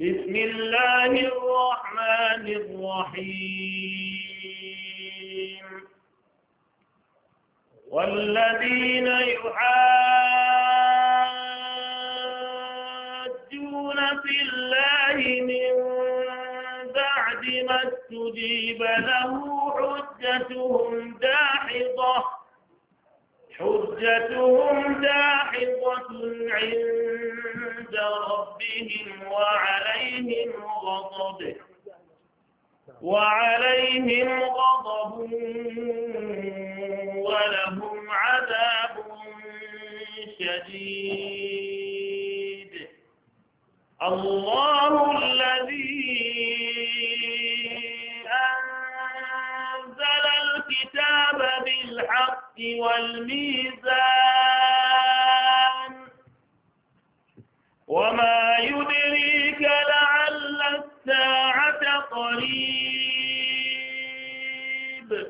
بسم الله الرحمن الرحيم والذين يحاجون في الله من بعد ما استجيب له حجتهم داحضة حجتهم داحضة عند ربهم وعليهم غضب وعليهم غضب ولهم عذاب شديد الله الذي بالحق والميزان وما يدريك لعل الساعة قريب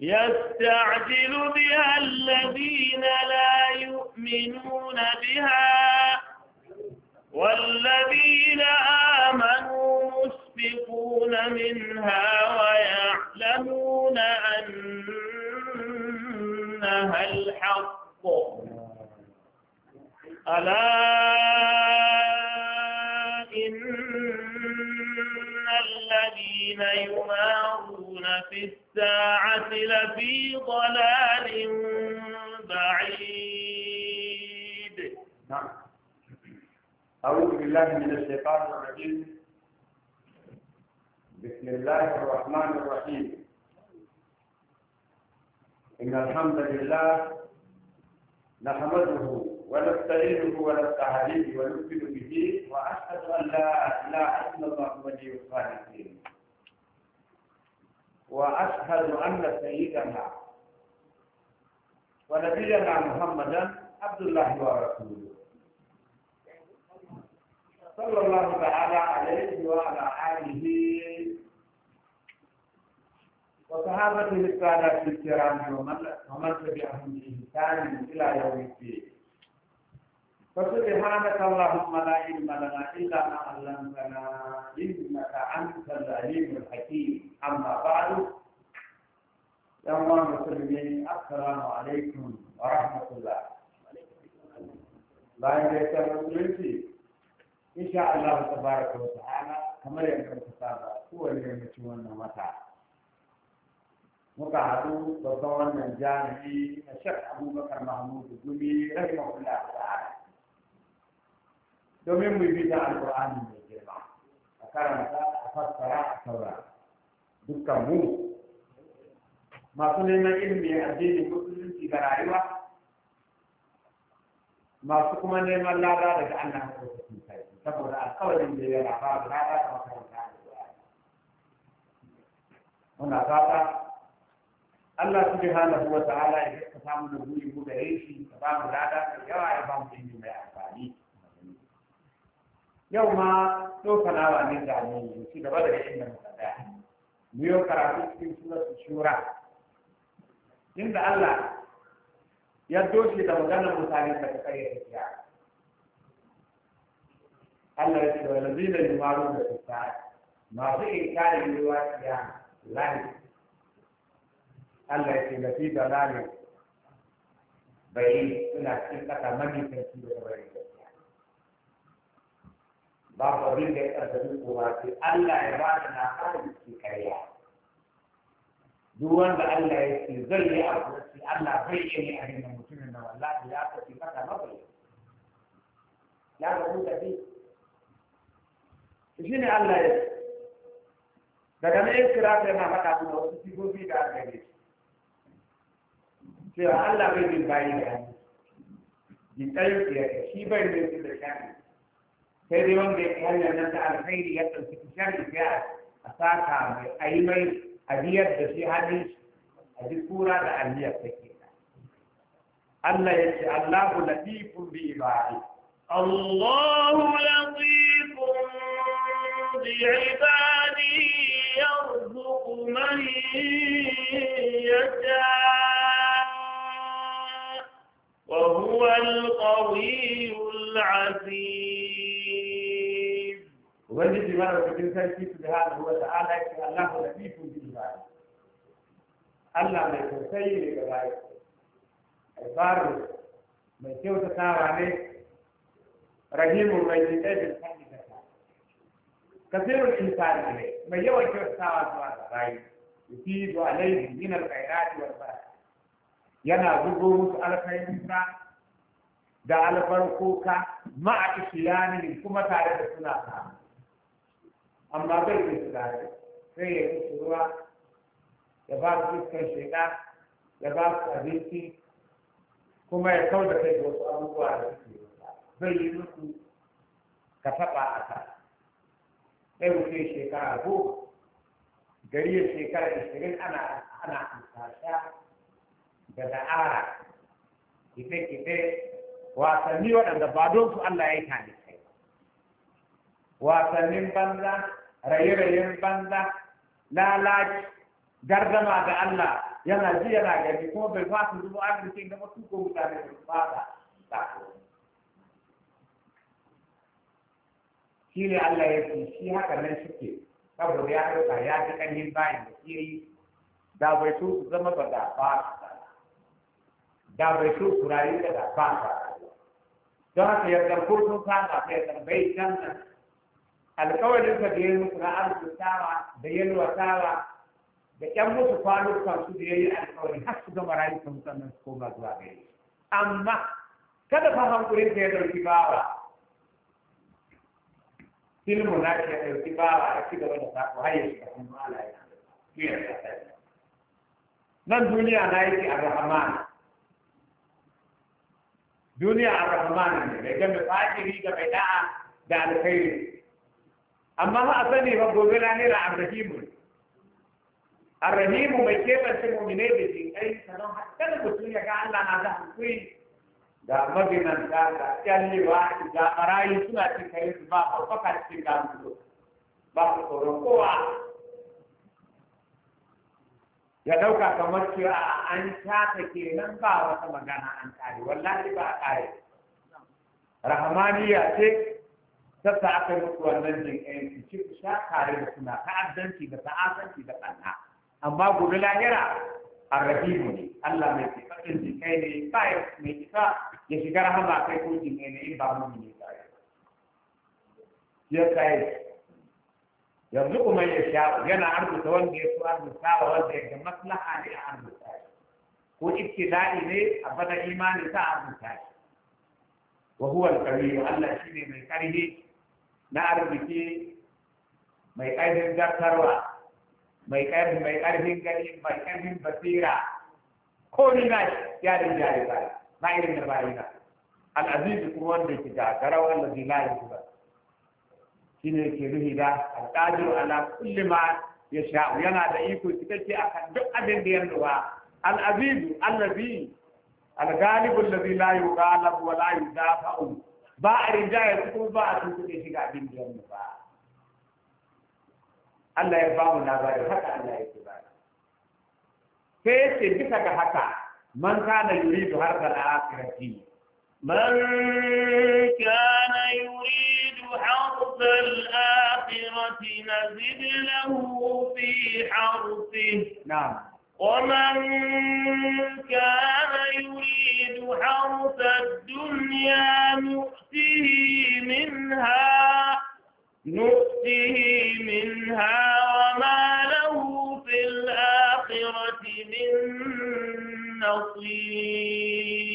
يستعجل بها الذين لا يؤمنون بها والذين آمنوا مشفقون منها ويعلمون أن إنها الحق ألا إن الذين يمارون في الساعة لفي ضلال بعيد نعم أعوذ بالله من الشيطان الرجيم بسم الله الرحمن الرحيم إن الحمد لله نحمده ونستعينه ونستعينه ونؤمن به وأشهد أن لا إله إلا الله ولي الصالحين وأشهد أن سيدنا ونبينا محمدا عبد الله ورسوله صلى الله تعالى عليه وعلى آله وصحابته السادات الكرام ومن تبعهم بإحسان إلى يوم الدين فسبحانك اللهم لا علم لنا إلا ما علمتنا إنك أنت العليم الحكيم أما بعد يا المسلمين السلام عليكم ورحمة الله bayan da ya samu musulunci insha Allah tabaraka wa ta'ala kamar yadda ka saba kowane yammacin wannan wata muka haɗu babban wannan jami'i na shek abubakar Mahmud gumi rahimahullah ta'ala domin mu bi da alƙur'ani mai girma a karanta a fassara a saura dukkan mu masu neman ilimi addinin musulunci da rayuwa masu kuma neman lada daga Allah ko cikin sai saboda alƙawarin da ya rafa da lada da makaranta muna fata Allah subhanahu wa ta'ala ya ka samu da buri mu da yake ka ba mu lada da yawa ya ba mu inji mai amfani yau ma to kanawa ne da mu ci gaba da yin da muka da mu yau karatu cikin suratul shura inda Allah ya doshi da maganar mutane da kai ya tafiya Allah ya ce wa lazina yumaruna fi sa'a masu inkarin yiwa ya lahi Allah ya ce na tallafi da lalin bayi suna cikin kasa mamifin su da Ba babu abin da ya ƙarfafi kowa sai Allah ya ba da na ƙarfi ke karya duk wanda Allah ya ce zai yi abu sai Allah bai yi ne a rinna mutumin na wallahi ya tafi kasa mabai ya ga kuka bi shi ne Allah ya ce daga nan ya kira sai na faɗa da wasu sigobi da aka gare cewa Allah bai bin bayi da hannu in ɗan ya shi bai da su da shari sai dai wanda ya hanyar nan ta alkhairi ya ɗauki shari ya a saka mai a yi mai adiyar da shi hannun shi a duk kura da aliyar ta ke Allah ya ce Allahu latifun bi ibadi Allahu latifun bi ibadi yarzuqu man yasha وهو القوي العزيز وبنجد ما لو كنت تنسي سبحانه وتعالى الله لطيف بالعباد Allah mai tausayi ne ga bayi alfaru mai kyautatawa ne rahimu mai jiɗe da sani da ta kasirun insani ne mai yawan kyautatawa zuwa ga bayi yufi laifi yana zubo musu alkhairinsa da albarkoka ma'a islamin kuma tare da suna ta amma bai da su sai ya kusa ruwa ya ba su iskar shaiɗa ya ba su abinci kuma ya kau da kai da wasu abubuwa da suke Zai yi musu ka taɓa a ka sai wuce shekara goma gari ya shekara ishirin ana ana alfasha daga ara kife-kife wasanni waɗanda ba don su Allah ya yi tani kai wasannin banza raye-rayen banza lalaci gardama da Allah yana ji yana gani kuma bai fasa zuba arzikin da mutu ko mutane su fasa sako shi ne Allah ya fi shi haka nan suke saboda ya ɗauka ya ji ƙanyin bayan da shi da bai so su zama ba da ba? da bai so kurare ka da ba don haka yardar kurkun kana ka yardar bai can nan alkawarin ka da ya musu na arzikawa da yalwatawa da ƴan musu kwanukan su da ya alkawari har su gama rayukan sannan su koma zuwa gari amma kada fa hankulin ka ya ɗauki bawa filmu na ya ɗauki bawa ya ci gaba da sako har ya shiga kuma ala ya nan duniya na yake arrahman duniya a rahmanin ne mai game fajiri ga mai da'a da alkhairi amma ba a sani ba gobe na nira arrahimu arrahimu mai kebance mu'minai da jinkai sanan hakkar mutum ya ga Allah na da hankuri da mabinanta da kyallewa da barayi suna cikin ba haɓaka cikin gamsu ba su tsoron kowa ya dauka kamar cewa an ke nan ba wata magana an kare wallahi ba a kare rahamaniya ce sassa aka yi muku wannan jin yanci ci ku sha kare da suna ta'addanci da ta'addanci da ɓanna amma gobe lahira arrahimu ne Allah mai tsifatin jin kai ne ba ya mai isa ya shiga rahama kai ko jin kai ne in ba mu ne ya kai yanzu kuma ya sha yana arzuta wanda ya so arzuta wa wanda ya ga maslaha ne a arzuta ko ibtida'i ne a bada imani ta arzuta shi wa huwa al-qawi Allah shine mai karhi na arziki mai karfin zartarwa mai karfin mai karfin gani mai karfin basira ko ni na ya da jari ba irin da bayi na al-aziz kuma wanda ke gagarau allazi la ba. shine yake nuhi da alqadiru ala kulli ma sha'u, yana da iko cikakke akan duk abin da ya nuwa al azizu allazi al galibu allazi la yuqalabu wa la yudafa'u ba a rinjaya su kuma ba a tuntuɗe shi ga abin da ya ba Allah ya ba mu labarin haka Allah ya ce ba sai ce bisa ga haka man kana yuridu harkar akhirati man kana yuridu حرف الآخرة نزد له في حرفه نعم ومن كان يريد حرف الدنيا نؤته منها نؤته منها وما له في الآخرة من نصيب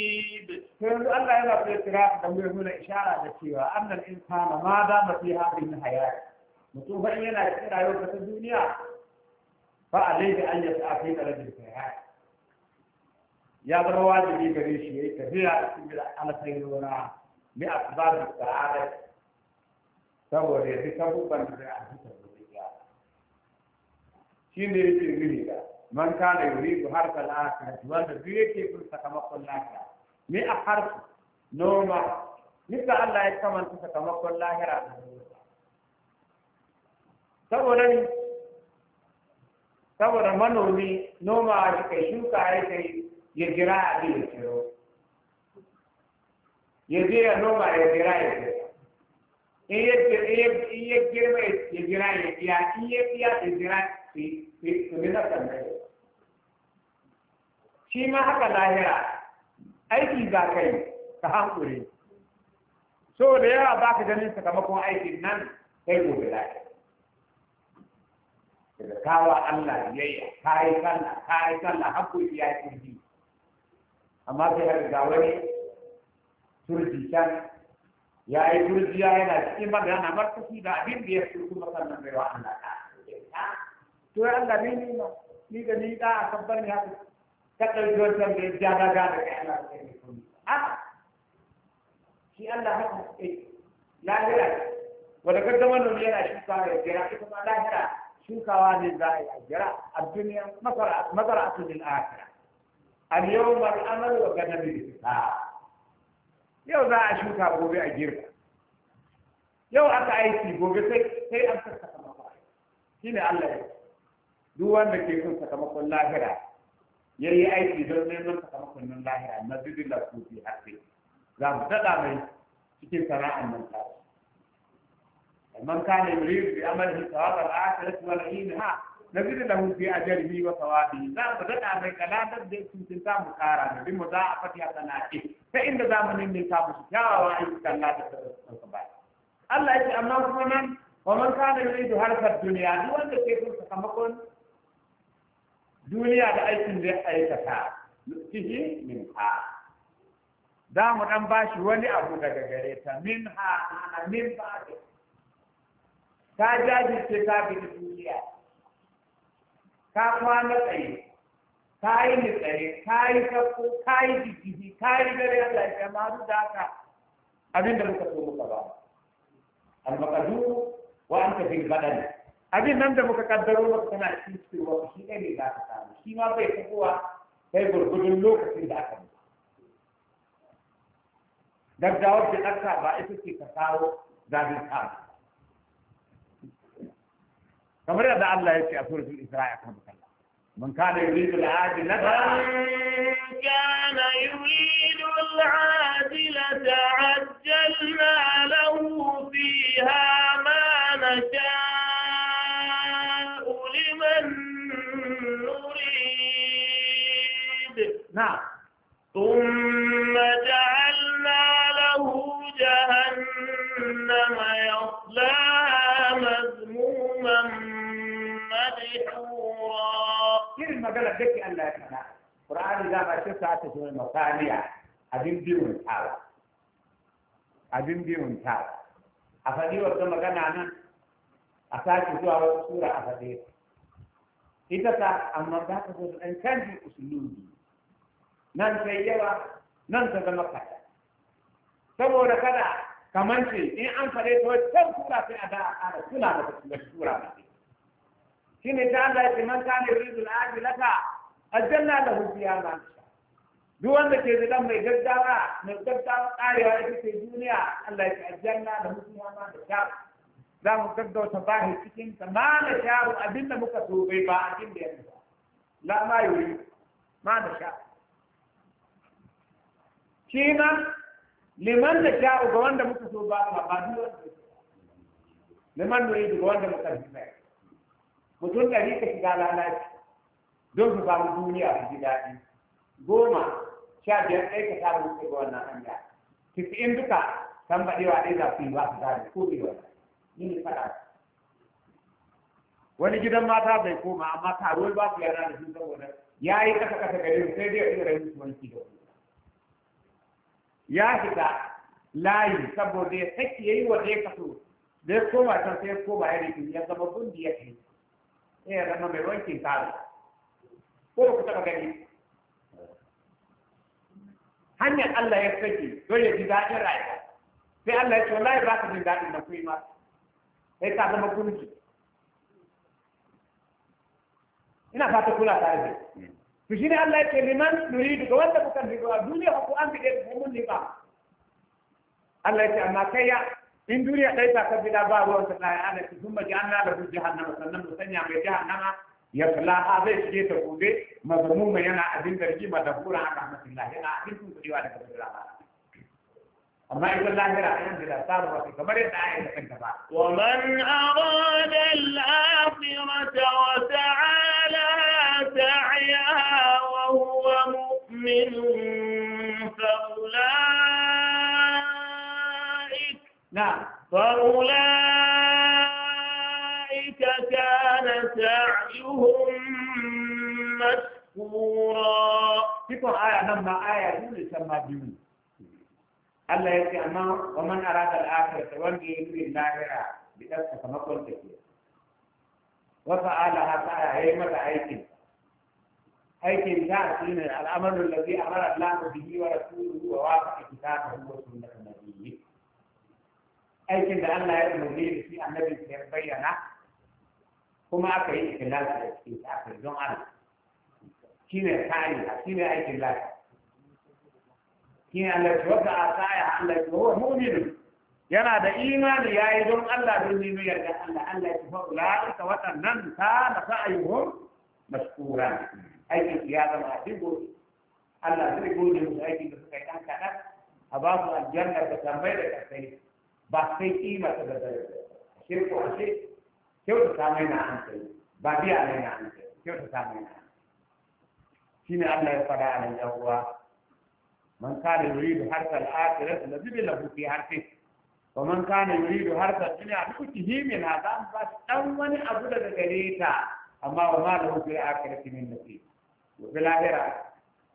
to yanzu Allah yana so ya kira da mu nuna ishara da cewa annal insana ma da ma fi hadin hayati mutum fa yana cikin rayuwar ta duniya fa alaihi an yasa fi qalbi hayati ya zama wajibi gare shi ya yi tafiya cikin alkhairuna bi asbab sa'ada saboda ya fi sabubban da a cikin duniya shine yake gani da man kana yuridu harkal akhirah wanda duk yake kun sakamakon lafiya me a harfi noma nika Allah ya kamanta sakamakon lahira saboda ni saboda manomi noma a kai shuka ya kai ya jira a bi ya ya je ya noma ya jira ya ciro in ya girma ya jira ya biya in ya biya ya jira su bi na sannan shi ma haka lahira aiki za ka yi ka hankuri so da yawa ba ka ganin sakamakon aikin nan sai gobe lafiya daga kawa Allah ya ka yi sallah ka yi sallah hakuri ya kirji amma sai har ga wani turji can ya yi turji ya yana cikin magana martashi da abin da ya fi kuma sannan bai wa Allah ta to ya Allah ne ni ma ni da ni da a kabbar ni haka ka ɗauki wancan da ya ja da da da kai Allah sai kuma a shi Allah haka ce lahira wanda ka zama nan yana shuka ya jira ita ma lahira shukawa ne za a yi a jira a duniya a lil akhirah al yawma al amal wa ghadan lil yau za a shuka gobe a girka yau aka aiki gobe sai an saka Shi shine Allah ya duk wanda ke son sakamakon lahira ya yi aiki don neman sakamakon nan lahira na zubin da su fi haske za mu daɗa mai cikin sana'an nan ta man kana yuridu bi amalihi thawab al-akhirati wal inha nazid lahu fi ajrihi wa thawabi za mu daɗa mai kalatar da su sun ta mu kara da bimu za a fatiha sana'i ta inda zamanin ne ta musu kyawawa ayyukan Allah ta tsara ba Allah ya ce amma kuma nan wa man kana yuridu harfar duniya duk wanda ke son sakamakon duniya da aikin da ya aikata nutihi min ha za mu dan bashi wani abu daga gare ta min ha ana min ba ta jajirce ta bi duniya ka kwana tsaye ka yi ni tsaye ka yi sako ka yi jijjihi ka yi ya Allah ya kama da haka abinda muka so muka ba al-maqdur wa anta fil badani abin nan da muka kaddaro maka kana cikin cewa shi ɗaya ne za ka samu shi ma bai tafowa sai gurgudun lokacin da aka mutu gaggawar da ɗanka ba ita ce ka kawo zabin kawo kamar yadda Allah ya ce a suratul isra'a kan kalla man kana yuridu al-ajilata man kana yuridu sa ta zo masaniya abin biyun tawa abin biyun tawa a faɗi wata magana nan a sake zuwa wata sura a faɗe ita ta amma za ka zo da ɗan canji usulubi nan sai yawa nan ta zama kaɗa saboda kada kamar ce in an faɗe ta wata sura sai a da a ƙara suna da wata sura ba ce shi ne ta Allah ya ce man kane yuridul ajilata aljanna lahu fiha ma duk wanda ke da mai gaggawa mai gaggawa karewa ita ce duniya Allah ya aljanna da musulma da ta za mu gaggauta bahi cikin ta ma na sharu abin da muka so bai ba abin da ya ba la ma yuri ma na sha shi ma liman na sha'u ga wanda muka so ba ka ba duk wanda liman na yi ga wanda muka so mutum da rika shiga lalaci don su samu duniya su ji daɗi goma sha biyar ɗaya ka tara musu ga wannan hanya tisa'in duka kan baɗewa ɗaya za su yi ba su zaɓi ko bai wani ni faɗa wani gidan mata bai koma amma taruwar ba su yarda da su saboda ya yi ƙasa ƙasa gari su sai dai ya iya rai musu wanki da ya shiga layi saboda ya saki ya yi wa ɗaya kaso da ya koma can sai ya koma ya rikin ya zama bundi ya kai sai eh, ya zama mai wankin taro ko ku taɓa gani hanyar Allah ya sake don ya ji daɗin rayuwa sai Allah ya ce wallahi ba ka jin daɗin na kuma sai ka zama gunki ina fata kula ta aje to shine Allah ya ce liman nuridu ga wanda kuka rigo a duniya ko an bi da mun ne ba Allah ya ce amma kai ya in duniya dai ta ka bida ba ruwan ta da ana ki kuma ji an na da jahannama sannan mu sanya mai jahannama يطلع عليك جيت أقولي ما بموم ينا أدين ترجي ما تقول عن رحمة الله ينا أدين تقول جوا لك رحمة الله أما إذا الله جرى أن جرى صار وفي كبر الداعي لتنكبا ومن أراد الآخرة وسعى لها سعيا وهو مؤمن فأولئك نعم فأولئك سعيهم مذكورا تكون آية نمبر آية يقول سما بيوم الله يقول أما ومن أراد الآخرة ومن يريد الآخرة بأسك كما قلت كده وفعلها فعلها متى أيكن أيكن ذات من الأمر الذي أمر الله به ورسوله ووافق كتابه وسنة نبيه أيكن ده الله يأمر به في النبي يبينه kuma aka yi ikhlasi da cikin ta aka don Allah shine kariya shine aikin lafiya shine Allah ya wada asaya Allah ya huwa mu'min yana da imani yayi don Allah don nemi yarda Allah Allah ya fa ulaika wadannan ta da sa'ayuhum mashkura aikin ya zama adigo Allah zai gode musu aikin da suka yi dan kadan a ba su aljanna da tambayar da kai ba sai kima ta da dare shirku ashe kyautata mai na hankali ba biya mai na hankali kyautata mai na hankali shine Allah ya fada a nan yawwa man kana yuridu harsa al-akhirah nazibi lahu fi harfi wa man kana yuridu harsa ad-dunya nu'tihi minha dan ba dan wani abu daga gare ta amma wa ma lahu fi al-akhirati min nasib wa fil akhirah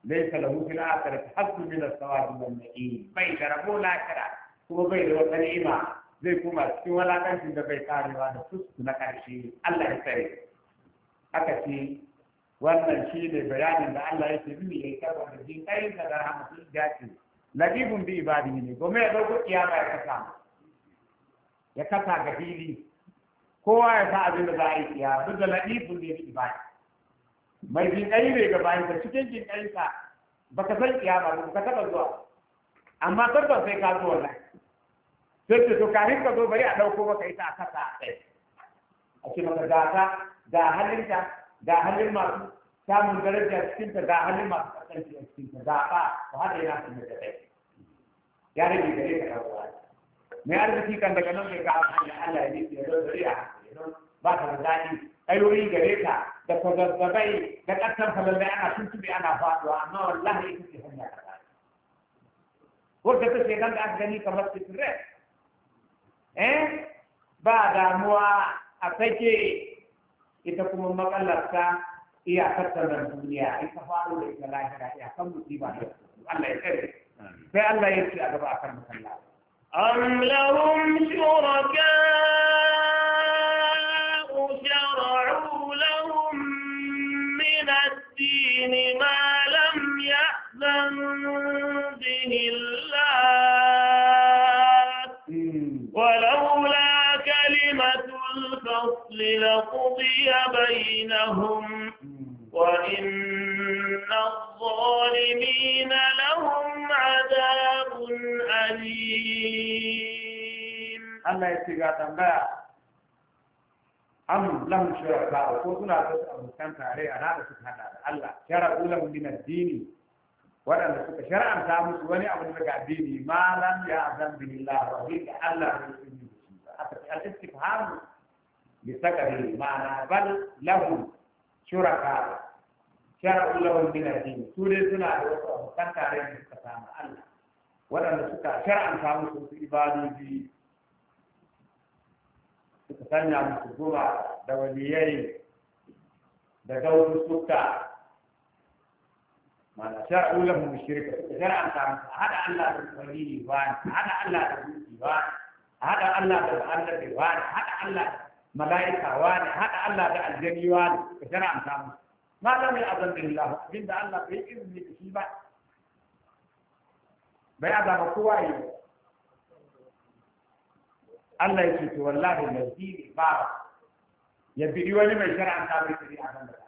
laysa lahu fi al-akhirati hasbu min as-sawabi wan na'im bai da rabo lakira kuma bai da wata ni'ima zai koma cikin walakancin da bai karewa da fusku na ƙarshe Allah ya tsare aka ce wannan shi ne bayanin da Allah yake nuni ya yi karɓar da jin kai da rahmatu ya ce labibun bi ibadi ne gome ya dauko kiyama ya kasa ya kasa ga fili kowa ya sa abin da za a yi kiyama duk da labibun ne bi ibadi mai jin kai ne ga bayan da cikin jin kai ka baka san kiyama ba ka taɓa zuwa amma tabbas sai ka zo wallahi sai ce to kafin ka zo bari a ɗauko maka ita a kasa a kai a ce maka ga ta ga halinta ga halin masu samun daraja cikinta ga halin masu kasance a cikinta ga ba ku haɗa yana sun da kai ya rage gare ka ɗauka mai arziki kan daga nan mai ga hanyar Allah ya nufi ya zo bari a ba ka da daɗi ayoyi gare ka da kwazazzabai da ƙasar falallai ana tuntuɓe ana faɗuwa amma wallahi ita ce hanya ta Wanda ta ce nan da aka gani kamar cikin rai eh ba damuwa a sake ita kuma matsalarta iya nan duniya ita faru da ita lahira san musiba ba Allah ya tsare sai Allah ya ce a gaba akan musalla am lahum shuraka لقضي بينهم وإن الظالمين لهم عذاب أليم الله يتقى تنبع أم لهم شركاء وقلنا أبوكان عليه أنا أسفحنا الله شرعوا لهم من الدين وأنا سوف شرعا تامس وني أبو لك الدين ما لم يأذن به الله وهيك الله يسمي الاستفهام بسبب معنى بل له شركاء shara'u lahum min ad-din su dai suna da wasu abokan tare da suka samu Allah waɗanda suka shar'anta musu su ibadoji suka sanya musu zuwa da waliyai da gautu suka mana shara'u lahum shirka suka shar'anta musu a haɗa Allah da tsarini ba ba haɗa Allah da ba mala'ika wani haɗa Allah da aljani wani ka tana amsa mu ma lam ya azan billahi abinda Allah bai izini da shi ba bai azama kowa yi Allah ya ce to wallahi lazini ba ya bidi wani mai shar'anta bai tsiri a kan da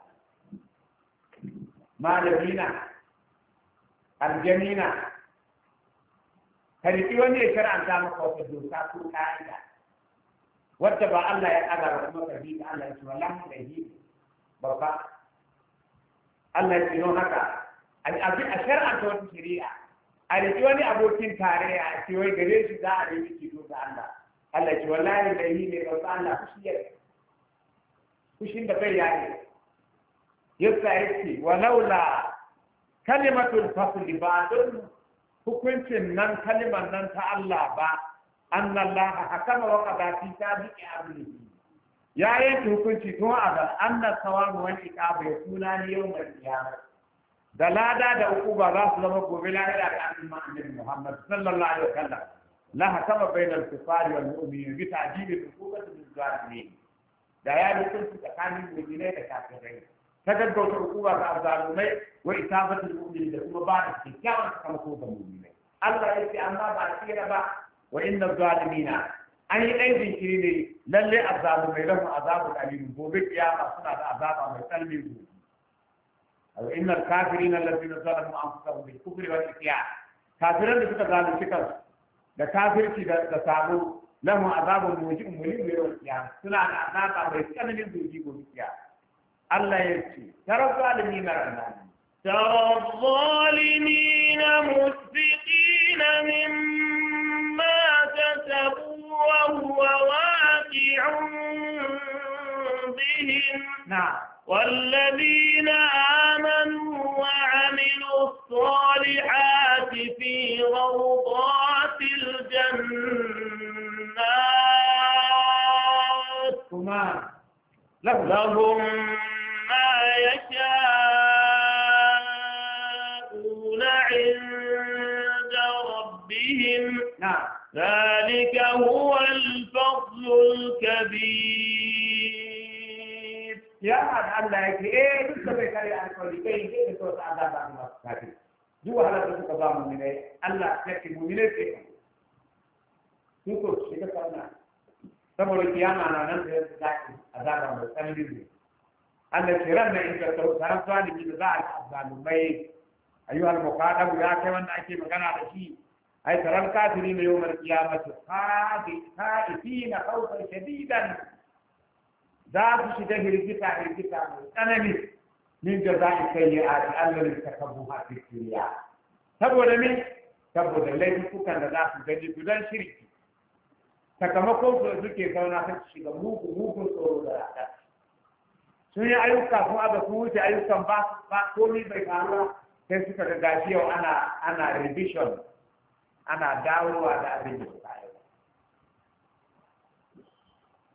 malamina aljanina ka riƙi wani ya shar'anta maka wata doka ko ka'ida wadda ba Allah ya kadara kuma ka bi Allah ya ce wallahi da yi babba Allah ya tsino haka a a shar'anta wata shari'a a riƙi wani abokin tarayya a ce wai gare shi za a rinki kito ga Allah Allah ce wallahi da yi ne babba Allah kushiyar kushin da bai ya yasa Wa laula kalimatul fasl ba don hukuncin nan kalimar nan ta Allah ba an lallaha hakama wa qada fi sabiqi amrihi ya yanke hukunci don a ga annan sawamu wani ikaba ya kuna ne yau mai kiyama da lada da ukuba za su zama gobe lahira da annabi annabi Muhammad sallallahu alaihi wasallam la hakama bainal kufari wal mu'minin bi ta'jibil hukukati bil zalimin da ya yi hukunci tsakanin mu'minai da kafirai ta gaggauta hukuma ga azzalumai wa isabatul mu'minin da kuma ba da kyakkyawan sakamako ga mu'minai Allah ya ce amma ba a tsira ba wa inna zalimina an yi ɗan jinkiri ne lalle azabu mai lafa azabu alimu gobe kiyama suna da azaba mai tsalmi gobe aw inna al-kafirina alladhina zalamu anfusahum bil kufri wal isyan kafiran da suka zalunci kansu da kafirci da sabo lahu azabun muji'un mulim yawm al-qiyamah suna da azaba mai tsananin gobe gobe kiyama Allah ya ce tarar zalimin ranar ترى الظالمين na مما وهو واقع بهم نعم والذين آمنوا وعملوا الصالحات في روضات الجنات لهم ما يشاءون عند ربهم نعم ذلك هو الفضل الكبير يا عبد الله ايه انت بكاري الكل كاي كاي تو سعادة بعد ما دو على تلك قضاء من الله يكفي مؤمنين كيف يقول شيء كلامنا saboda kiyama na nan da yadda zaki azaba mai tsanani ne Allah ke ran nan in ka tau saran zalimi da za a azalumai ayyuhal muqaddamu ya kai wanda ake magana da shi ai taral kafiri ne yawmal qiyamati habi na khawfan shadidan za su shiga hirgita hirgita mai tsanani min da za jaza'i sayyi'ati allazi takabbuha fi dunya saboda me saboda laifukan da za su gani gudan shirki sakamakon su suke zauna sun shiga mugu mugun tsoro da rada sun yi ayyuka kuma ba sun wuce ayyukan ba komai bai faru sai suka ga gashi yau ana ana revision ana dawowa da abin da suka yi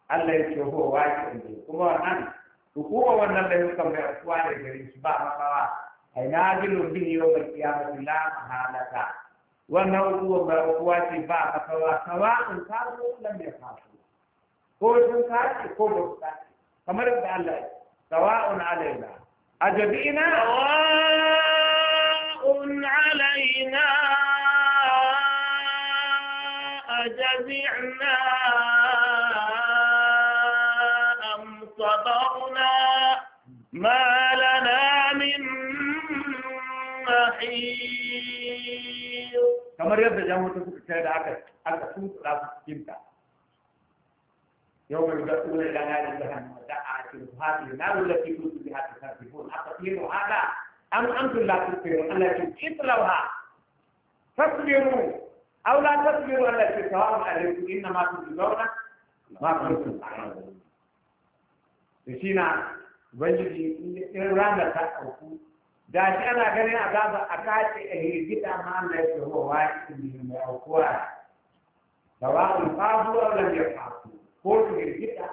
Allah ya ce ho wake ne kuma wannan hukuma wannan da suka mai asuwa da gari su ba makawa ai na gilun bin yau ga kiyamati la mahalaka wannan hukuma ba asuwa ce ba makawa sawa'un ka zo nan ne ka ko sun kace ko ba su kace kamar da Allah sawa'un alaina ajabina sawa'un alaina جزعناهم صبرنا ما لنا من محيط kamar yadda jama'ata suka kai da aka aka tutu da su cikin ta yau mai ga tsule da hali da hannu da a cikin hali na wula ki tutu da hali ta cikin aka tiro hada an an tulla tutu Allah ki itlauha fasbiru أو لا تصبروا على الاتفاق عليكم إنما تجزون ما كنتم تعملون فينا ubangiji in ranar ta ɗauku da shi ana ganin a gaba a kace a hirgita ma Allah ya ce wa wa'i mai aukuwa da wa'un wa lam ya fafu ko su hirgita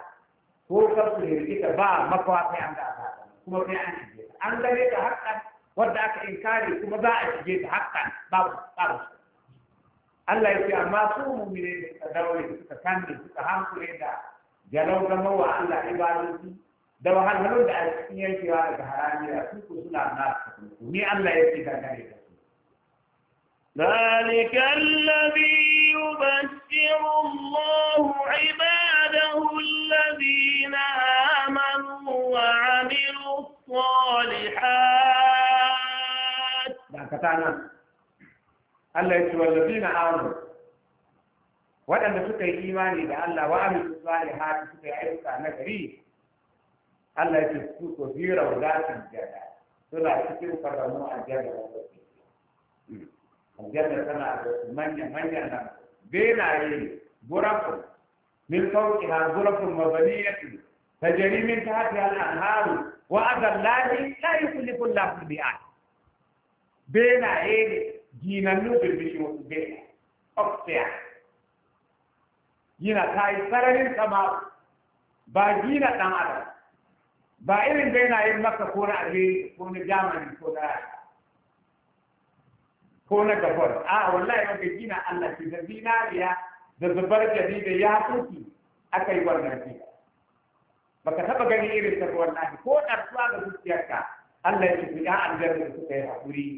ko kar su hirgita ba makawa sai an da azaba kuma sai an shige ta an gane ta haƙƙan wadda aka inkari kuma za a shige ta haƙƙan ba babu Allah ya ce amma su mummune da suka daure suka kanne suka hankure da jalau gama wa Allah ibadoci da wahalhalun da a cikin yankewa daga haramiya su ku suna nasu ni Allah ya ce dangane da su. ذلك الذي يبشر الله عباده الذين آمنوا وعملوا الصالحات. Allah ya ce wallafi na amur waɗanda suka yi imani da Allah wa amin su zai hati suka yi aiki na gari Allah ya ce su ko zira wa zafin jada suna cikin faramu a jada da wasu aljanna tana da manyan manyan nan benaye burafun min ha burafun mabaniyatun tajri min tahti al anhar wa adallahi la yukhlifu al-mi'ad benaye ginannu birbishin be upstairs gina ta yi sararin sama ba gina ɗan adam ba irin da yana yin maka ko na alheri ko na jamani ko na ko na gabon a wallahi maka gina allah ki da zinariya da zubar jadi da ya tuki, aka yi wannan Ba ka taba gani irin ta wallahi ko ɗarsuwa ga zuciyarka allah ya ci ya aljanna da suka yi haƙuri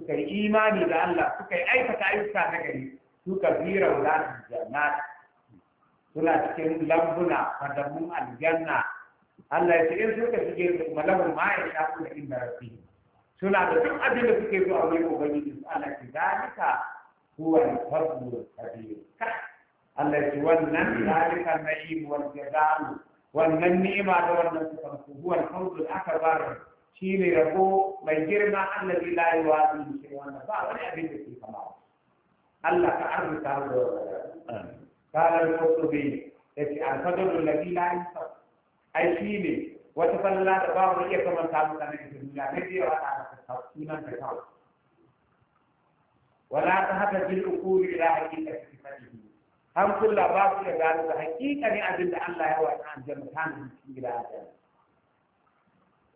suka yi imani da Allah suka yi aikata ayyuka na gari suka bira wulatul su suna cikin lambuna fadamun aljanna Allah ya ce in suka shige malahun ma ya sha da inda rafi suna da duk abin da suke zuwa a wurin ubangiji su Allah ki zalika huwa al-fadlu kabir Allah ya ce wannan zalika na'im wal jazaa wannan ni'ima da wannan suka huwa al-fadlu akbar shi ne rabo mai girma annabi la yi wa ɗin shi wannan ba wani abin da ke kama Allah ka arzuta mu da wannan kalar kutubi da ke alfadar da bi la yi sa ai shi ne wata falla da ba mu iya kama ta mu sanin da duniya ne da yawa ta ta sunan ta kawo wala ta hada bil ukuri ila haqiqati fadihi han kullu ba su da gano da haqiqa ne abin da Allah ya wa ta aljanna ta ne cikin gidan aljanna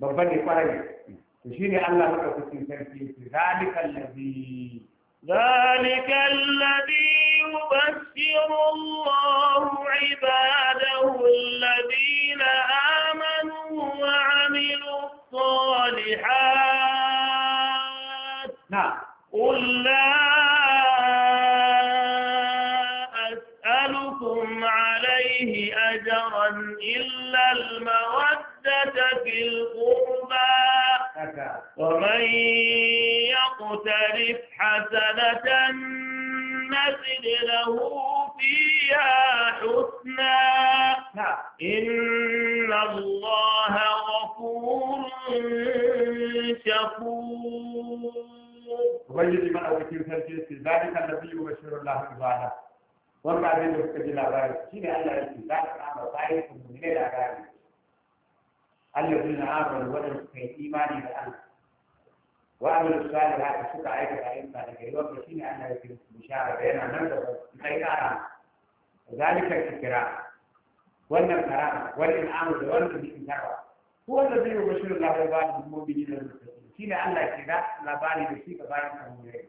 بربني فرج تشيني الله لك في ذلك الذي ذلك الذي يبشر الله عباده الذين آمنوا وعملوا الصالحات نعم قل لا في القربى ومن يقترف حسنة نزل له فيها حسنا نعم. إن الله غفور شكور وبيد ما أوكيل سنتيسي ذلك النبي بشير الله تعالى wannan abin da suka ji labari shi ne Allah ya ce za الذين آمنوا ولم في إيمان بالله وعملوا الصالحات سكا عيك الأئمة لكي يوقفين أن في المشاعر بين النمر والخيرات ذلك الكرام والنكرام والإنعام والإنعام والإنعام هو الذي يبشر الله عباده المؤمنين المتقين كلا ألا كذا لا بالي بشيك بارك المؤمنين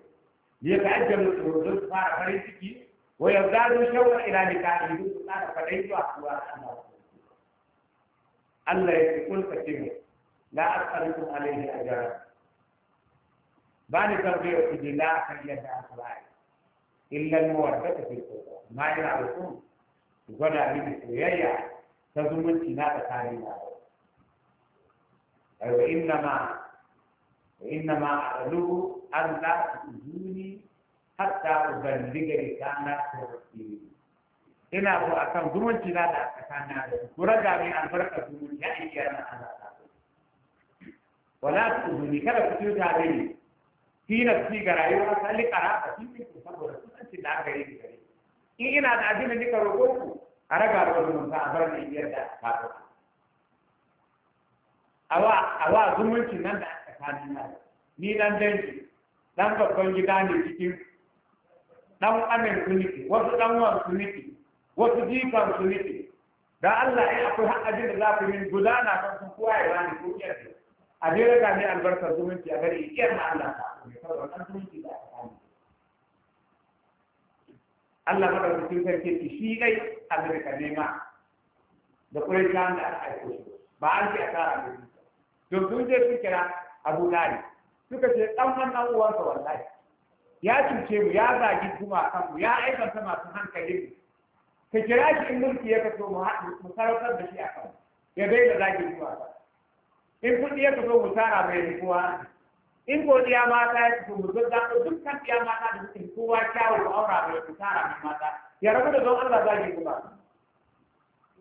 ليتعجب الرسول صار فريسكي ويزداد شوقا إلى لقائه صار فريسكي وأخوات الله الله يقول فتيمه لا أسألكم عليه أجرا بعد تربية في لا أحد يدعى إلا المواردة في القرآن ما يعرفون يقول أبي بسرية يا تزمن كنا تتعلم وإنما أيوة، وإنما أعلو أن لا تؤذوني حتى أبلغ رسالة رسولي ina so a kan zumunci na da tsakanin da ku raga min albarka zumunci ya iya ran Allah wala ku zuni kada ku tuta da ni fi nafsi ga rayuwa sai kara a cikin ku saboda kusanci da aka yi gare in ina da abin da nika roƙo ku a raga da zumunta a bar ni yadda ka kafa. awa awa zumunci nan da tsakanin na ni dan dangi dan babban gida ne cikin dan amin kuniki wasu dan wan kuniki wasu jikan su rike dan Allah ya akwai har abin da za ku min gudana kan sun kowa ya bani ko iya ce a dai raga ne albarkar zumunci a gare iya na Allah ta ne saboda kan zumunci da aka samu Allah madaukakin sarki ki shi dai abin ka ma. da kuma kan da aka aiko shi ba an ce a kara ne to sun je su kira Abu Lari suka ce dan wannan uwansa wallahi ya cuce mu ya zagi kuma kan mu ya aikata masu hankali ka kira shi in mulki ya kaso mu haɗu mu sarautar da shi a kan ya bai da zagin zuwa ba in kuɗi ya kaso mu tara mai kuwa? in ko diya mata ya kaso mu zo zaɓo kan diya mata da suke kowa kyawu ko aura mai ku tara mai mata ya rabu da don Allah zagin zuwa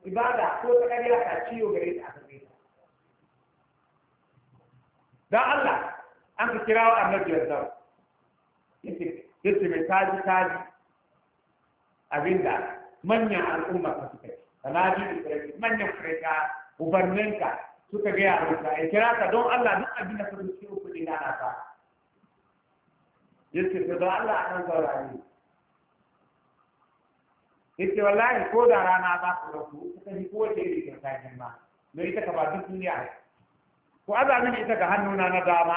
ibada ko ta ƙarya ta ciwo gare ta a kan ta don Allah an ka kira wa annabi yanzu yace yace mai taji taji abinda manyan al'umma ta suka yi sanadi da kirki manyan kirka ubarninka suka ga yaron ka ai kira ka don Allah duk abin da ka rubuce ku din na ka yace ka don Allah an saurare yace wallahi ko da rana ba ku ku kuka ji ko da yake ka ma don ita ka ba duk duniya ku azamin ita ga hannuna na dama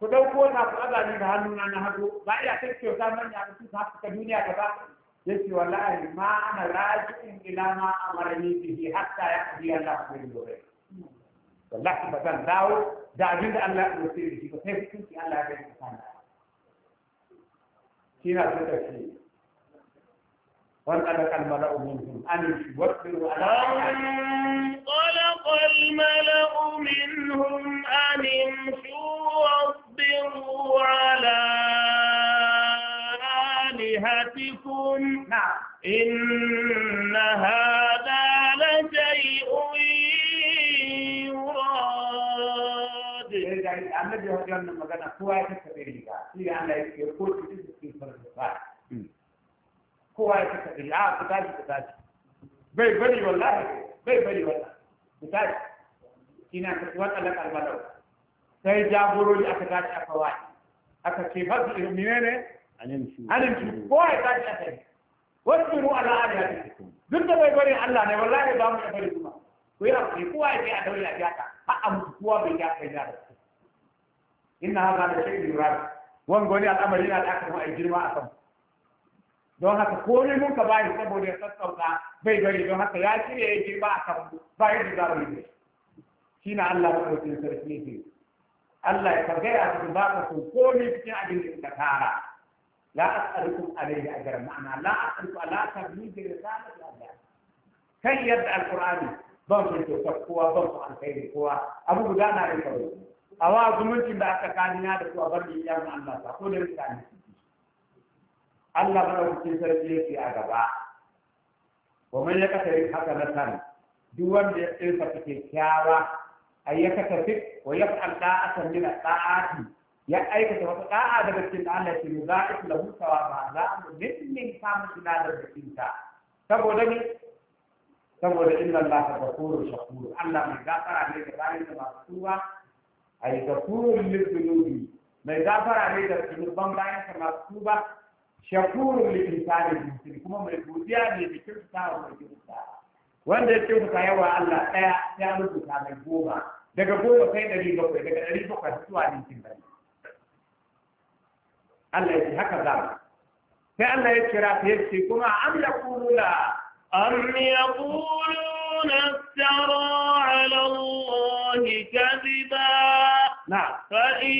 ku dauko na ku azamin ga hannuna na hagu ba iya kai kyauta manya ku su ka duniya ba يتي والله ما أنا راجع إلى ما أمرني به حتى يقضي الله من غيري والله بدل داو داعين الله يصير به وكيف كنت الله بين كان كنا تتكلم كان ملأ منهم أن يوكلوا على وانطلق الملأ منهم أن امشوا واصبروا على نعم إن هذا لشيء يراد النبي هو جنة مغنى كواي تكبيريكا في أن يقول في فرنسا كواي تكبيريكا آه كتاج كتاج بي بني والله بي بني والله كتاج إنا كتوات لك الملو سيجابروا لي أكتاج أكواي أكتاج فضل منين أنا مشي أنا مشي كواي تكبيريكا wasbiru ala alihatikum duk da bai bari Allah ne wallahi ba mu bari kuma ku yi hakuri kuwa ya je a daure a jaka a mutu kuwa bai ja kai da inna hada da shay'in yurad wan goni al'amari na da aka kuma ai girma a kan don haka komai mun ka bayi saboda ya sassauta bai bari don haka ya shirya ya girma a kan ba yadda za mu yi shi na Allah ya ɗauki sarki ne Allah ya kargaya a cikin baka so komai cikin abin da ka tara la as'alukum alayhi ajran ma'ana la as'aluka la yadda alqur'ani ban ku to kowa ban ku kowa abu guda na da kawai awa zumuncin da aka kanina da ku a bar ni ya mu Allah ta ko da risalati Allah madaukakin sarki yake a gaba wa man yakatari hasanatan duk wanda ya tsinsa take kyawa ay tafi, wa yaf'al da'atan min da'ati ya aikata wata da'a daga cikin Allah ce mu za'i lahu ba za mu nindin samu sinadar da kinta saboda ni saboda inna Allah ghafurur shakuru Allah mai gafara ne ga bayan da masu tuba ay ghafurur lidhunubi mai gafara ne ga zunuban bayan da masu tuba shakurur lil insani mutum kuma mai godiya ne da kinta wa mai kinta wanda ya kinta yawa Allah daya ya rubuta mai goma daga goma sai ɗari bakwai daga ɗari bakwai zuwa ninkin dari الله يتحكى ذلك فألا يتحرى في يبسيكما أم يقولون أم يقولون افترى على الله كذبا نعم فإن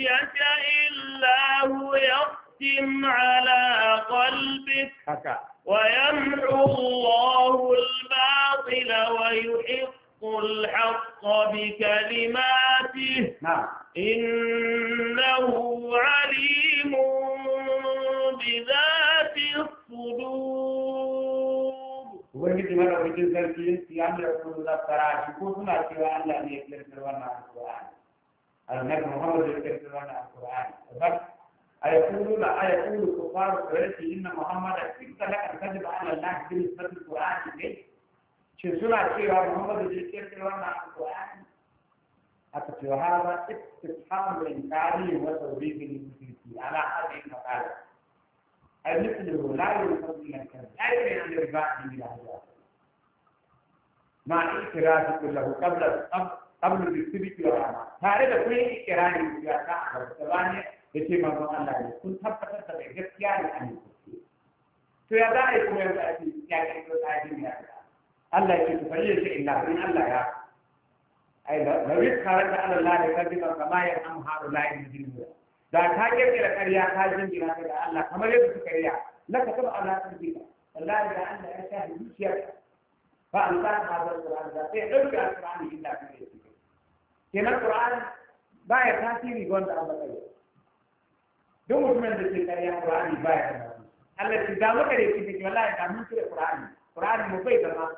يشاء الله يختم على قلبك هكا. ويمحو الله الباطل ويحق الحق بكلماته نعم إنه عليم بذات الصدور وبنجي مرة وجه زرتين سيام رسول الله ترى شكوكنا سوى الله نيكلم سروانا القرآن النبي محمد يكلم سروانا القرآن بس أيقولون أيقول كفار قريش إن محمد كنت لك الكذب على الله بالنسبة للقرآن إليه شسونا كيرا ان الشيخ كيرا مع القرآن أتفي هذا استفهام الإنكاري وتوبيب المشركين على هذه المقالة أي مثله لا يوجد من الكذب أي من الرباع من الأهل مع إكراه كله قبل قبل الكذب والعمى تعرف كل إكراه في أساعه وسبانه يتي ما هو الله يكون ثم تتبع جسيا لأن يكون فيه فيا دائما يقول لك يا كريم يا كريم Allah ya ce ku fari shi illa in Allah ya ai da wai karar da Allah la da kaji ba kama ya an haru la in jinna da ka da karya ka jin jira da Allah kamar yadda suka karya laka taba Allah ka bi ka wallahi da Allah ya shahi zuciyar fa an ta da Qur'an da sai dauka Qur'ani illa ka yi kenan Qur'an baya tasiri gonda Allah kai duk mutumin da ke karya Qur'ani ba ya Allah ya da maka da shi wallahi da mun kire Qur'ani Qur'ani mu bai zama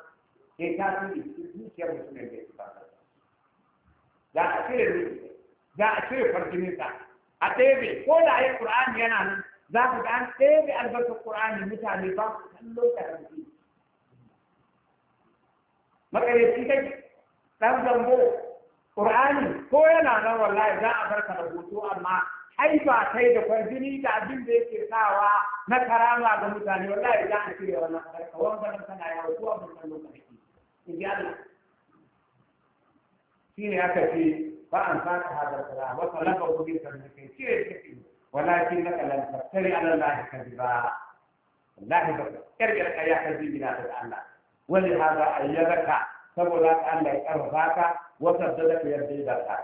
sai tasiri cikin zuciyar mutumin da ya fi ba za a cire ne za a cire farjininsa a ɗebe ko da ayi ƙur'ani yana nan za ku ga an tebe albarkar ƙur'ani mutane ba su kallo da rufi makareci kai ɗan zambo ƙur'ani ko yana nan wallahi za a barka da amma ai ba kai da kwarjini da abin da yake sawa na karama ga mutane wallahi za a cire wannan barka wannan kana yawo ko abin da lokaci إجابة شيء هكذا فأنفاك هذا الكلام وطلبه بك من ولكنك لن تفتري على الله كذبا الله ارجع يا كذبنا في الله ولهذا أيدك سبلك أن لا يرفعك وسددك يرجي درسك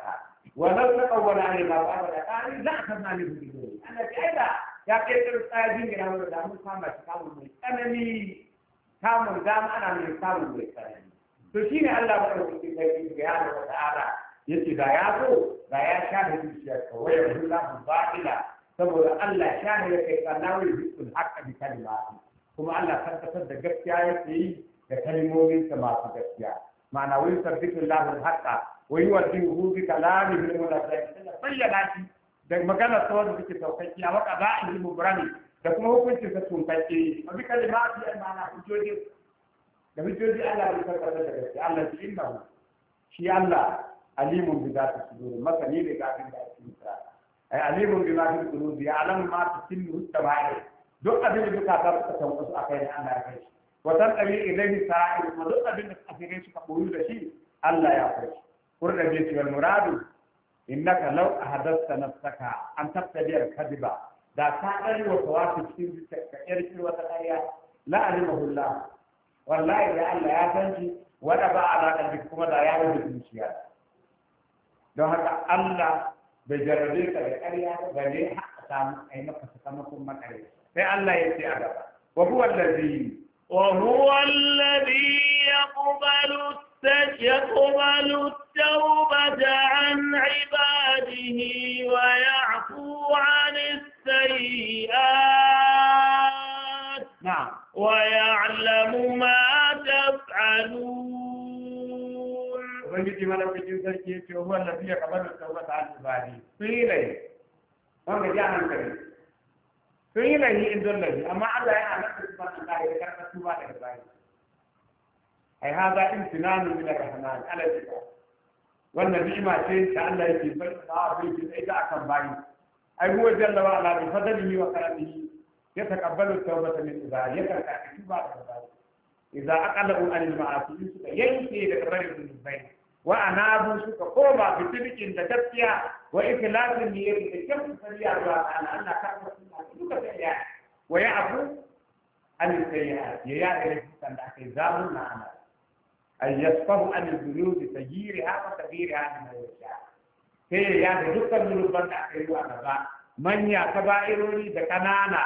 ولو تقول علينا بعض الأقارب لا أخذنا منه بدون أنا كأيضا يا كثير الصائدين من أول الأمور كما تقول أنا لي كامل دام أنا من كامل الكلام to shi ne Allah mai rubutu da yake bayani wa ta'ala yace da ya zo da ya shafe zuciyar ka wa yahullahu ba'ila saboda Allah shafe ya kai sallawi rizqul haqqa bi kalimati kuma Allah tabbatar da gaskiya yake yi da kalmominsa masu gaskiya ma'ana wani sabbitin lahul haqqa wa yuwaddihu bi kalamihi al-munazzah bayyana shi da magana ta wanda suke saukaki a waka ba'i mubrani da kuma hukuncin sa tunkake a bi kalimati al-ma'ana hujjoji da hujjoji Allah bai karɓar da gaske Allah shi innahu shi Allah alimun bi zati sudur masani da gafin da ake sa ai alimun bi zati sudur ya alam ma tusillu tabai duk abin da duka ka ta tanku su akai ne Allah ya kai shi wa tan abi ilayhi sa'ir ma duk abin da kafirai suka koyu da shi Allah ya kai shi kurda bi ci wal muradu innaka law ahdatha nafsaka an tabtadi al kadiba da ka dare wa tawafi cikin zuciyarka yar wata ƙarya la alimahu Allah wallahi da Allah ya san ki wanda ba a da kuma da ya rubuta zuciya don haka Allah bai jarrabe ka da ƙarya ba ne har a samu a yi maka sakamakon makare sai Allah ya ce a gaba wa huwa allazi wa huwa allazi yaqbalu يقبل التوبة عن عباده ويعفو عن السيئات نعم ويعلم ما تفعلون ubangiji malaukakin sarki ya ce huwa lafiya kamar da taubata al-ibadi sun yi laifi wanda ji a hankali sun yi laifi in don laifi amma Allah yana nan da subhanahu wa ta'ala ya karɓa tuba daga bayi ai hada imtinanu min ar-rahman ala tibaa wannan ni'ima ce da Allah yake bai da abin da ita akan bayi ai huwa jalla wa ala bi fadlihi wa karamihi يتقبل التوبة من عباده يتقبل التوبة من عباده إذا أقلوا عن المعاصي سكا ينسي لقرر الذنوبين وأنابوا سكا قوما بسبك تكفيا وإخلاص النية تكفي سريع عن أن كفر سكا سيئات ويعفو عن السيئات يا إليه سنة إذا معنا أن يصفه عن الذنوب تجيرها وتغييرها من الوجهات هي يعني دكتور من البنات أنا من يا كبائروني دكانانا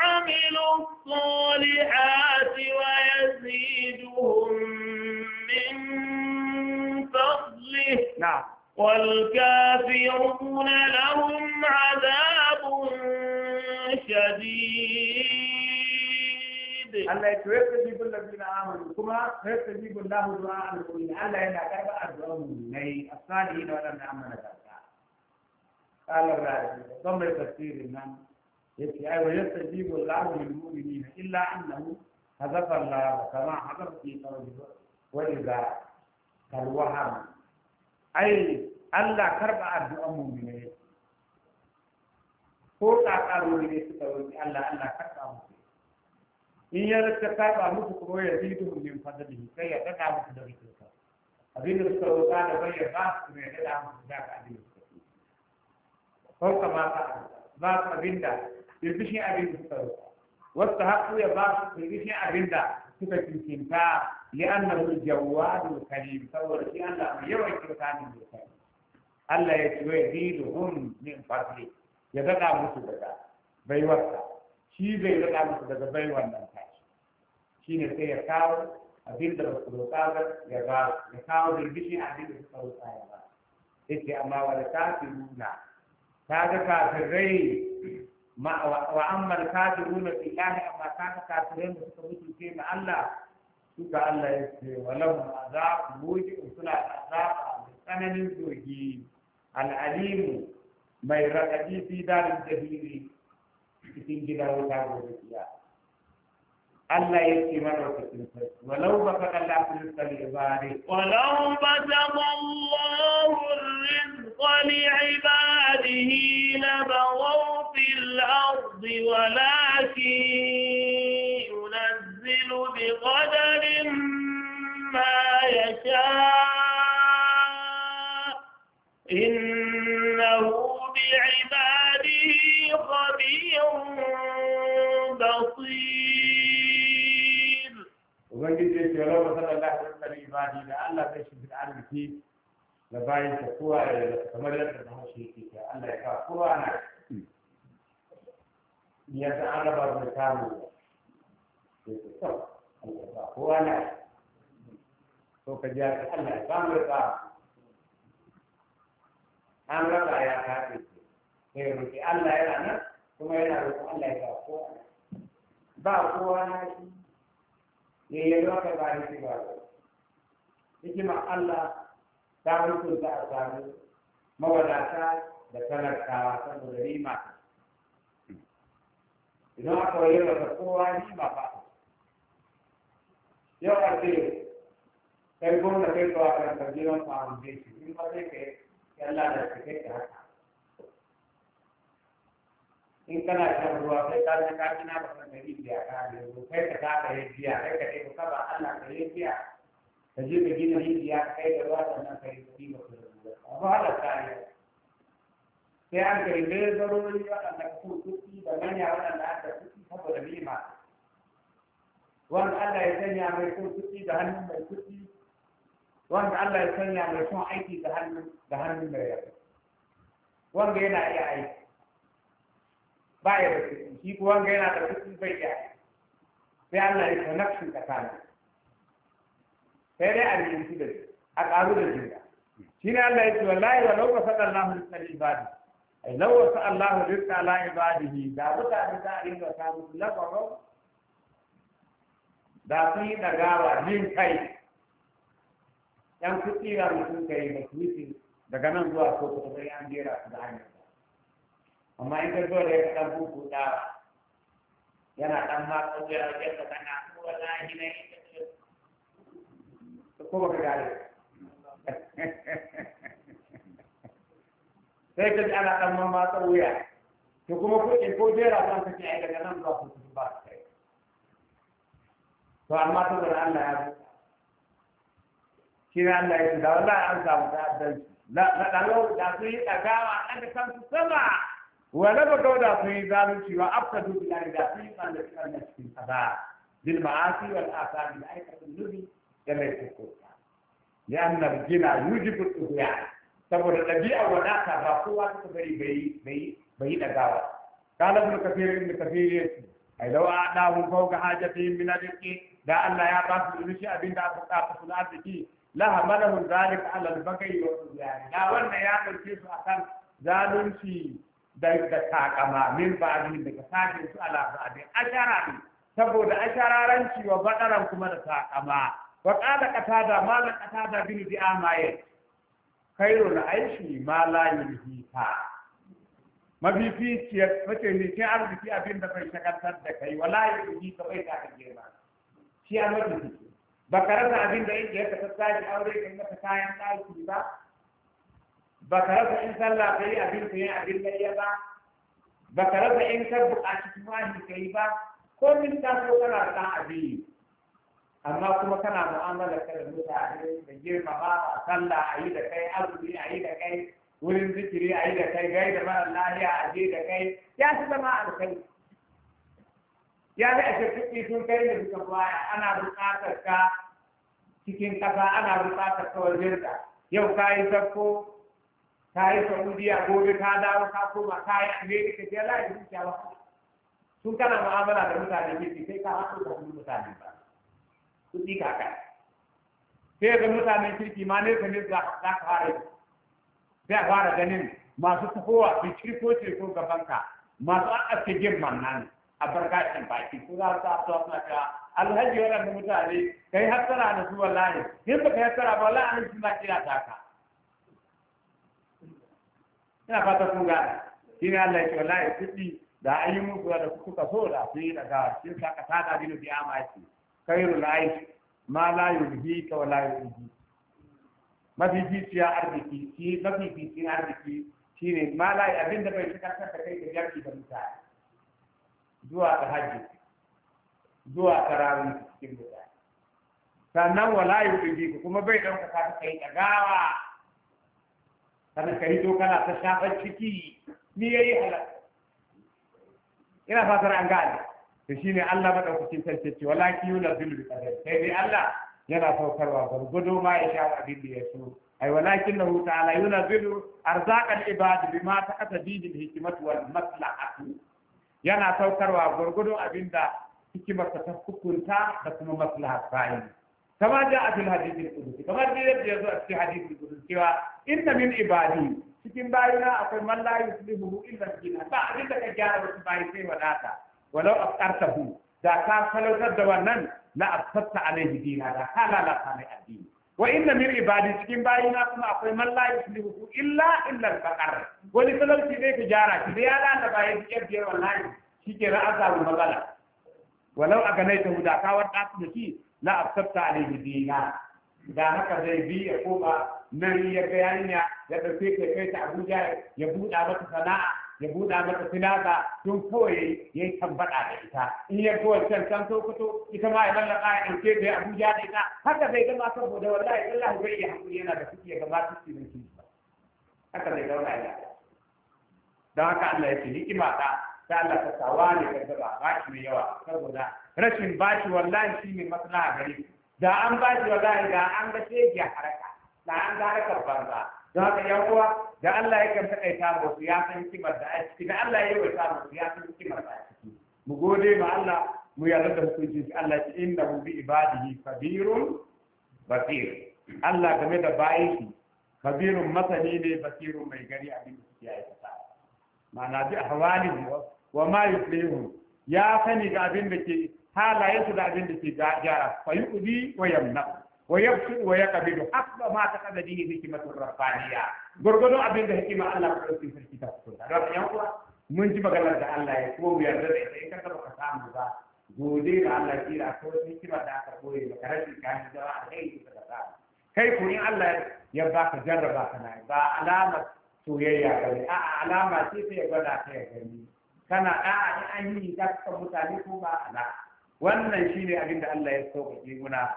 وعملوا الصالحات ويزيدهم من فضله نعم والكافرون لهم عذاب شديد الله يستجيب الذين آمنوا كما يستجيب الله دعاء المؤمنين الله ينعكب أدعاء المؤمنين الصالحين ولم نعمل ذلك قال الرازي ضمن تفسير النام yace ai wa yastajibu Allahu ni na illa annahu hazafa Allah kama hazafa fi qawli wa idza kal waham ai Allah karba mu mu'minai ko kakarori ne suka roki Allah Allah karba musu in ya rasa karba musu kuma ya zidu min fadlihi kai ya daga musu da rikinsa abin da suka roka da bayyana ba su ne daga musu da ka abin da suka ko kama ka ba abin da kirkishin abin da suka roƙa wasu haƙu ya ba su kirkishin abin da suka cikinta kinkinta li'annahu jawwadul karim saboda shi Allah mai yawan kyauta ne da kai Allah ya ce wai ziduhum min fadli ya daɗa musu daga baiwarsa shi zai daɗa musu daga baiwar nan tashi shi ne sai ya kawo abin da ba su roƙa ba ya ba ya kawo kirkishin abin da suka roƙa ya ba yake amma wani tafi nuna ta ga kafin rai وأما الكافرون في الله أما كان كافرين مستبوط الكيم الله سوك الله يسوي ولهم عذاب موجي وصلاة عذاب بسنن زوجي العليم ما يرأي في دار الجهيري كتنجي دارو تاغو بكيا الله يسوي من وكتن ولو بفق الله في رزق لعباده ولو بسط الله الرزق لعباده لبغوا في الأرض ولكن ينزل بقدر ما يشاء إنه بعباده خبير بصير وبنجد يتولى مثلا الله تعالى لعباده لألا تشهد العالم فيه لباين تقوى كما لك أنه شيء الله يكافئ أنا ya ta an raba da samu ya ce to Allah ba kowa na to ka ji ka Allah ya samu da an raba ya kaɗe sai ya roƙi Allah yana nan kuma yana roƙi Allah ya ba kowa na. ba kowa na shi ya yi ruwa ka ba ni ba hikimar Allah ta hukunta a sami mawadata da sanar talakawa saboda rima idan aka waye masa kowa ni ba ba yau a ce kai gwamna kai zuwa kan sarjiran foundation in ba zai kai yalla da ka kai haka in kana shan ruwa sai ka ji ka kina ba san dari biya ka ne kai ka ka yi biya kai ka dai ka ba Allah ka yi biya ka je ka gina rijiya kai da ruwa sannan ka yi kuɗi ba ku da ba da tsari sai an kai ne zarurori waɗanda ka kuma da manya waɗanda aka kuɗi saboda nima wanda Allah ya sanya mai son kuɗi da hannun mai kuɗi wanda Allah ya sanya mai son aiki da hannun da mai yabo wanda yana iya aiki ba ya da kuɗi shi ko wanda yana da kuɗi bai iya aiki sai Allah ya connection tsakanin sai dai a rinci da shi, a ƙaru da juna shi ne Allah ya ce wallahi wa lauka faɗa Allah mu tsari ibadi لو وسع الله رزق على عباده دا mutane za a rinka samu labarin da sun yi dagawa jin kai yan kuɗi ga mutum kai daga nan zuwa ko kuma sai an jera su da hanyar amma in ka zo da ya ɗan buku da yana ɗan ma tsoron yadda kana kowa lahi ne ko ba ka gare sai ka ji ana ɗan mamma wuya to kuma ko in ko jera kan ka ce ai daga nan zuwa kuɗi ba kai to amma to da Allah ya rubuta shi Allah ya ce da wallahi an samu da ta'addanci na ɗan da su yi ɗagawa ɗaga kansu sama wala ba gauda su yi zalunci wa afsadu bil ardi da su yi tsallaci a cikin kaza bil ma'asi wal asami da aikatan nubi da mai kuskure لأن الجنى يوجب الطغيان saboda ɗabi'ar wadata ba kowa ta bari bai bai ɗagawa kalan su. A ibn kafir yace ai ga adahu fawqa hajatihim mina adqi da Allah ya ba su rushi abin da aka kafa su arziki la hamalahu zalika Allah da baghi wa al zari. da wannan ya ɗauke su akan zalunci da da takama min da daga sake su a shara ashara saboda ashararanci wa baɗaran kuma da takama wa ma qatada malan da bin ma yace na aishi ma la mace ne mafificin arziki abin da bai shagaltar da kai wala yulhi ka bai ta kaje ba shi a mafifici ba ka rasa abin da yake ka tsaki aure ka mata kayan ɗaki ba ba ka rasa in sallah ka yi abin ka yi abin da ya ba ba ka rasa in ka buƙaci tufafi ka kai ba ko min ta so kana da abin amma kuma kana mu'amala ka da mutane da girma ba a sallah a yi da kai azumi a yi da kai wurin zikiri a yi da kai gai da mara lahiya a je da kai ya fi zama alkai ya fi a shafi sun kai da suka baya ana buƙatar ka cikin ƙasa ana buƙatar ka wajen da yau ka yi zakko ka yi saudiya gobe ka dawo ka koma ka yi amerika ke lafiya sun kana mu'amala da mutane ne sai ka haɗu da mutane ba sun ɗi sai ga mutane kirki ma ne ne za ka fara sai a fara ganin masu tafowa su cirko cirko gabanka masu akaske girman nan a barkacin baki ko za su sa suna ka alhaji waɗanda mutane ka yi hassara da su wallahi in ba ka yi hassara ba wallahi an suna kira ta ka ina fata kun gane shi ne Allah ya ce wallahi kuɗi da an yi muku da kuka so da su yi daga cikin saka ta da dinu ma amaki Kairu aiki ma la yulhi ka wa la yulhi mafificiyar arziki shi mafificiyar arziki shine ma la abin da bai shigar da kai da yarki da mutane zuwa ta hajji zuwa tarawih cikin mutane sannan wala yulhi kuma bai dauka ka kai dagawa kana kai to kana ta shafar ciki ni yayi halal ina fatar an gane to shine Allah madaukakin sarki ce wala kiyula zulu bi qadar sai dai Allah yana saukarwa gurgudu ma ya sha abin da ya so ai walakin lahu ta'ala yunazzilu arzaqal ibad bima taqata bihi hikmatu wal maslahatu yana saukarwa gurgudu abinda hikimar ta hukunta da kuma maslahar bayin kama da fil hadith al qudsi kama da yadda zo a cikin hadith al qudsi cewa inna min ibadi cikin bayina akwai man la yuslihu illa billah ba abinda ka gyara wasu bayi sai wadata walau asqartahu da ka salautar da wannan la asqatta alaihi dina da halala kana addini wa inna min ibadi cikin bayina kuma akwai man la yuslihu illa illa al-faqar wani talauci zai ka jara ki da ya da bayan ki yabiye wallahi shike ra azabu magana walau a ganai ta huda ka wadda su ki la absabta alaihi dina da haka zai bi ya koma nan ya ga yanya ya dauke kai kai ta Abuja ya buɗa maka sana'a ya buɗa mata filaka tun kawai ya yi tambaɗa da ita in ya ga wancan can sokoto ita ma ya mallaka ya ɗauke da abuja da ita haka bai gama saboda wallahi wallahi bai yi hakuri yana da kuke gaba su da shi. ba haka zai wani ya don haka Allah ya ce hikima ta ta Allah ta tawa ne gaggaba ba shi mai yawa saboda rashin bashi wallahi shi ne maslaha gari da an bashi wallahi da an ga shege haraka da an ga harkar banza don haka yan uwa da Allah ya kan takaita ba su ya san kimar da a ciki da Allah ya yi ba su ya san kimar da a ciki mu gode ma Allah mu yarda da hukuncin shi Allah ya inna hu bi ibadihi kabirun basir Allah game da bayi shi kabirun masani ne basirun mai gari a abin da suke aikata ma'ana bi ahwalihim wa ma yuslihum ya sani ga abin da ke su da abin da ke gyara fa yuqdi wa yamna ويبكي ويقبل حسب ما تقدر به حكمة الربانية غرغدو أبين ده حكمة الله في الكتاب كله رب يقول من جب قال الله يقوم يرد إذا كتب كلام ذا gode da Allah ki da ko sai kira da aka koyi da karashi ka ji da kai da ka kai ko in Allah ya ba ka jarraba kana ba alama soyayya ba a alama ce sai ya gwada ka ya gani kana a in an mutane ko ba wannan shine abinda Allah ya sauƙaƙe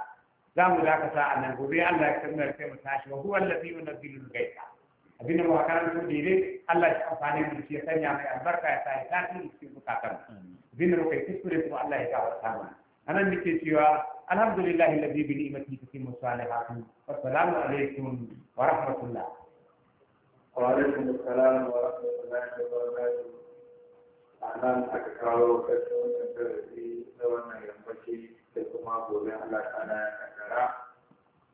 دام ذاك ساعة نقولي الله يكتبنا لكي متعاش وهو الذي ينزل الغيث أبينا مواكرا نقول لي الله يشفعني من الشيء ثاني عن البركة يساعي ثاني في مكاتب أبينا روكي تسكري الله يتعوى الثامن أنا نكي سيوا الحمد لله الذي بنعمته تتم الصالحات والسلام عليكم ورحمة الله وعليكم السلام ورحمة الله وبركاته أنا أكثر وكثر من ترسي أن ينبكي sai kuma gobe Allah ta'ala ya kaddara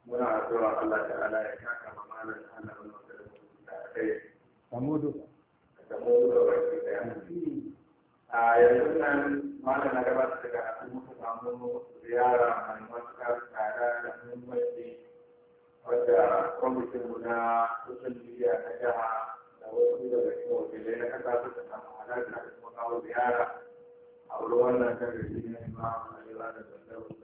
muna addu'a Allah ta'ala ya kaka mamalan Allah wannan da da kai samudu samudu da Ya daya a yanzu nan malam na gabata daga abu muka samu ziyara mai matuƙar tsada da muhimmanci wadda kwamitinmu na social media ta jiha da wasu daga cikin wakilai na kasa suka samu halarta da kuma kawo ziyara a wurin wannan kan da shi ne ma a yi ranar da